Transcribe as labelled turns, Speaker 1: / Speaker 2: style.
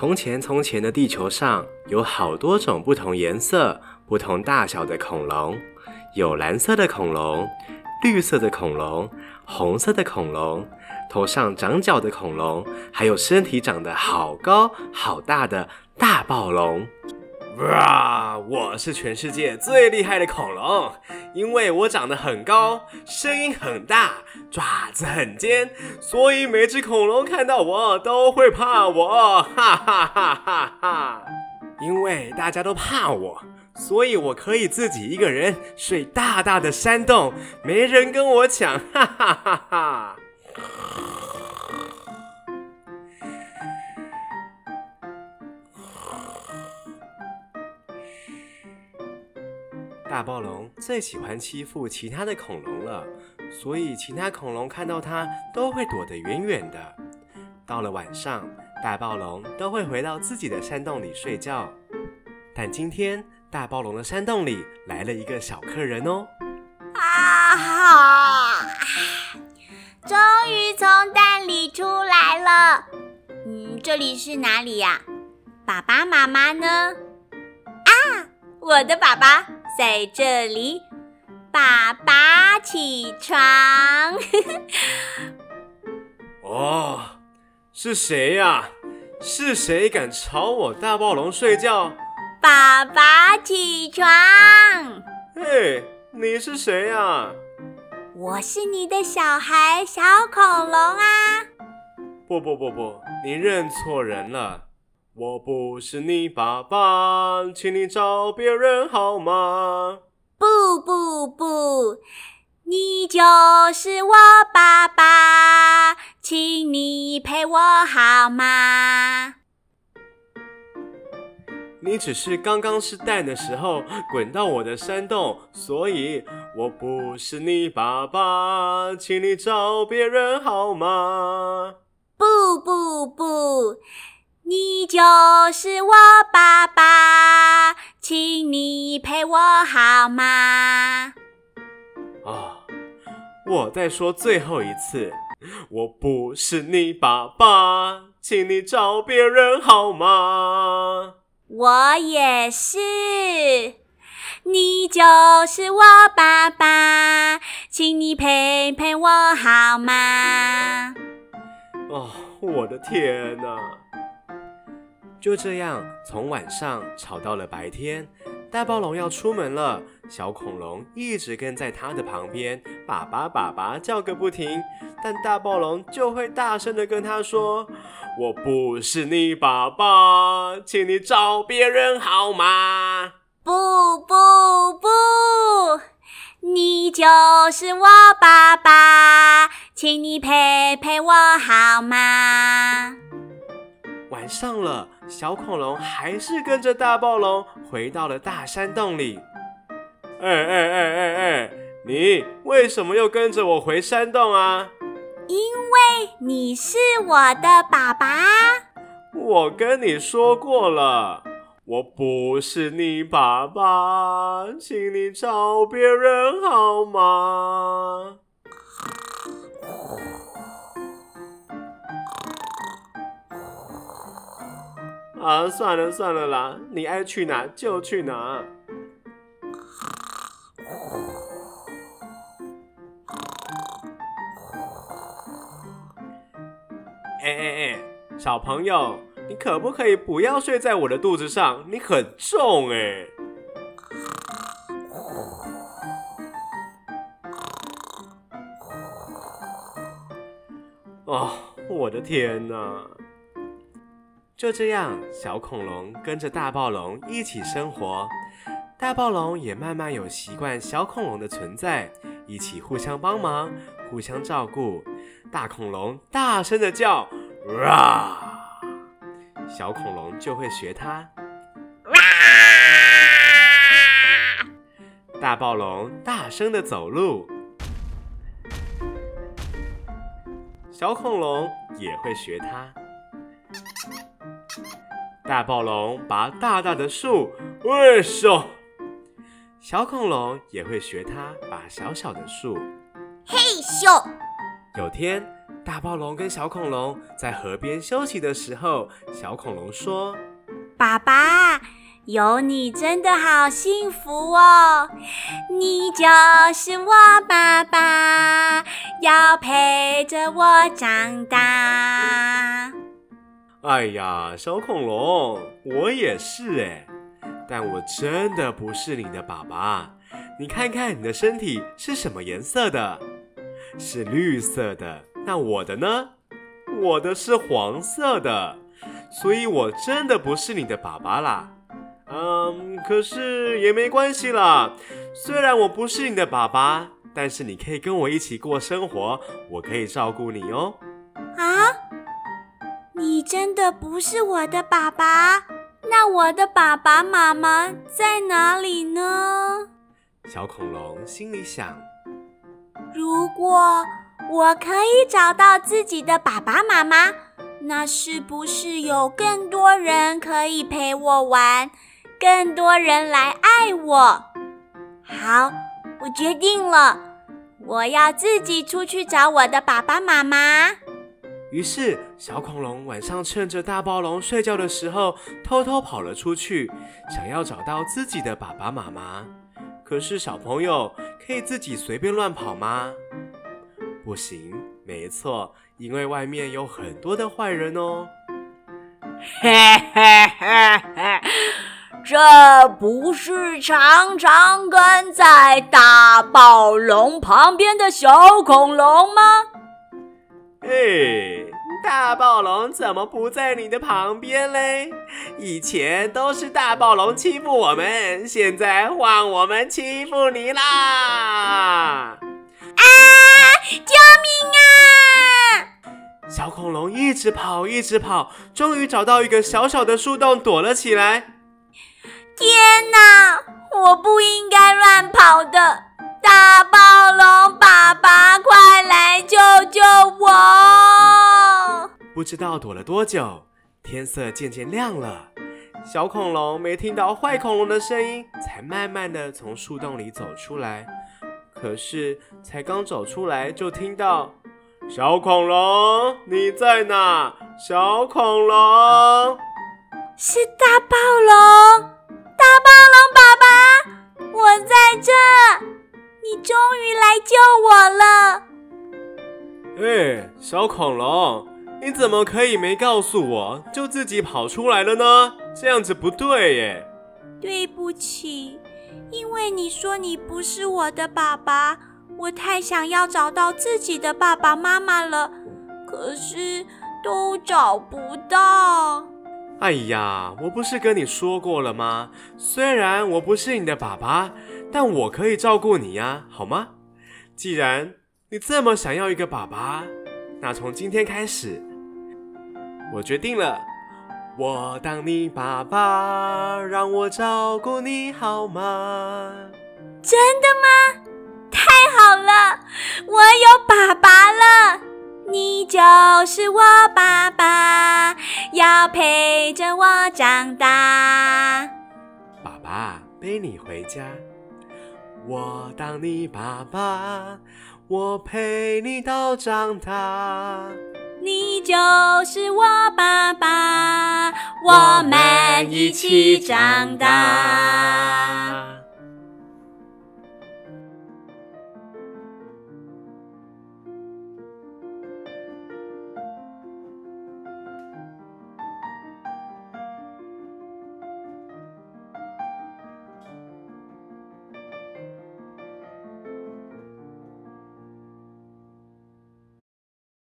Speaker 1: 從前，從前的地球上有好多種不同顏色、不同大小的恐龍，有藍色的恐龍、綠色的恐龍、紅色的恐龍，頭上長角的恐龍，還有身體長得好高好大的大暴龍。哇、啊！我是全世界最厲害的恐龍，因為我長得很高，聲音很大，爪子很尖，所以每隻恐龍看到我都會怕我，哈哈哈哈哈哈。因為大家都怕我，所以我可以自己一個人睡大大的山洞，沒人跟我搶，哈哈哈哈。 大暴龍最喜歡欺負其他的恐龍了，所以其他恐龍看到它都會躲得遠遠的。到了晚上，大暴龍都會回到自己的山洞裡睡覺。但今天，大暴龍的山洞裡來了一個小客人哦！
Speaker 2: 啊哈啊！終於從蛋裡出來了。嗯，這裡是哪裡呀、啊？爸爸媽媽呢？啊，我的爸爸！在這裡，爸爸起床。
Speaker 1: 哦，是誰呀、啊？是誰敢吵我大暴龍睡覺？
Speaker 2: 爸爸起床。
Speaker 1: 嘿，你是誰呀、啊？
Speaker 2: 我是你的小孩小恐龍啊。
Speaker 1: 不不不不，你認錯人了。我不是你爸爸，請你找別人好嗎？不不不，
Speaker 2: 你就是我爸爸，請你陪我好嗎？
Speaker 1: 你只是剛剛是蛋的時候滾到我的山洞，所以我不是你爸爸，請你找別人好嗎？你就是我爸爸，
Speaker 2: 請你陪我好嗎？
Speaker 1: 啊！我再說最後一次，我不是你爸爸，請你找別人好嗎？我也
Speaker 2: 是。你就是我爸爸，請你陪陪我好嗎？
Speaker 1: 哦、啊，我的天哪、啊！就這樣，從晚上吵到了白天。大暴龍要出門了，小恐龍一直跟在他的旁邊，爸爸爸爸叫個不停。但大暴龍就會大聲地跟他說：“我不是你爸爸，請你找別人好嗎？”
Speaker 2: 不不不，
Speaker 1: 你就
Speaker 2: 是我爸爸，請你陪陪我好嗎？
Speaker 1: 晚上了。小恐龍還是跟着大暴龍回到了大山洞裡。哎哎哎哎哎，你為什麼又跟着我回山洞啊？
Speaker 2: 因為你是我的爸爸。
Speaker 1: 我跟你說過了，我不是你爸爸，請你找別人好嗎？啊，算了算了啦，你愛去哪就去哪。哎哎哎，小朋友，你可不可以不要睡在我的肚子上？你很重哎、欸。哦，我的天哪、啊！就這樣，小恐龍跟着大暴龍一起生活，大暴龍也慢慢有習慣小恐龍的存在，一起互相幫忙，互相照顧。大恐龍大聲的叫“哇、啊”，小恐龍就會學它“哇”。大暴龍大聲的走路，小恐龍也會學它。大暴龍拔大大的樹，哇咻！小恐龍也會學它，拔小小的樹，
Speaker 2: 嘿咻！
Speaker 1: 有天，大暴龍跟小恐龍在河邊休息的時候，小恐龍說：“
Speaker 2: 爸爸，有你真的好幸福哦，你就是我爸爸，要陪着我長大。”
Speaker 1: 哎呀，小恐龍，我也是哎，但我真的不是你的爸爸。你看看你的身體是什麼顏色的？是綠色的。那我的呢？我的是黃色的。所以我真的不是你的爸爸啦。嗯，可是也沒關係啦。雖然我不是你的爸爸，但是你可以跟我一起過生活，我可以照顧你哦。
Speaker 2: 啊？你真的不是我的爸爸？那我的爸爸媽媽在哪裡呢？
Speaker 1: 小恐龍心裡想：
Speaker 2: 如果我可以找到自己的爸爸媽媽，那是不是有更多人可以陪我玩，更多人來愛我？好，我決定了，我要自己出去找我的爸爸媽媽。
Speaker 1: 於是，小恐龍晚上趁着大暴龍睡覺的時候，偷偷跑了出去，想要找到自己的爸爸媽媽。可是，小朋友可以自己隨便亂跑嗎？不行，沒錯，因為外面有很多的壞人哦。嘿嘿嘿嘿，
Speaker 2: 這不是常常跟在大暴龍
Speaker 1: 旁邊的小恐龍嗎？哎、嗯，大暴龍怎麼不在你的旁邊嘞？以前都是大暴龍欺負我們，現在換我們欺負你啦！啊！救命啊！小恐龍一直跑，一直跑，終於找到一個小小的樹洞躲了起來。
Speaker 2: 天哪，我不應該亂跑的！大暴龍爸爸，快來！
Speaker 1: 不知道躲了多久，天色漸漸亮了。小恐龍沒聽到壞恐龍的聲音，才慢慢地從樹洞裡走出來。可是才剛走出來，就聽到：“小恐龍，你在哪？小恐龍，是大暴龍！
Speaker 2: 大暴龍爸爸，我在這，你終於來救我了。”
Speaker 1: 哎，小恐龍。你怎麼可以沒告訴我就自己跑出來了呢？這樣子不對耶。
Speaker 2: 對不起，因為你說你不是我的爸爸，我太想要找到自己的爸爸媽媽了，可是都找不到。
Speaker 1: 哎呀，我不是跟你說過了嗎？雖然我不是你的爸爸，但我可以照顧你呀，好嗎？既然你這麼想要一個爸爸，那從今天開始，我決定了，我當你爸爸，讓我照顧你好嗎？真的嗎？
Speaker 2: 太好了，我有爸爸了。你就是我爸爸，要陪着我長大。
Speaker 1: 爸爸背你回家，我當你爸爸，我陪你到長大。你就
Speaker 2: 是我爸爸，我們一起長大。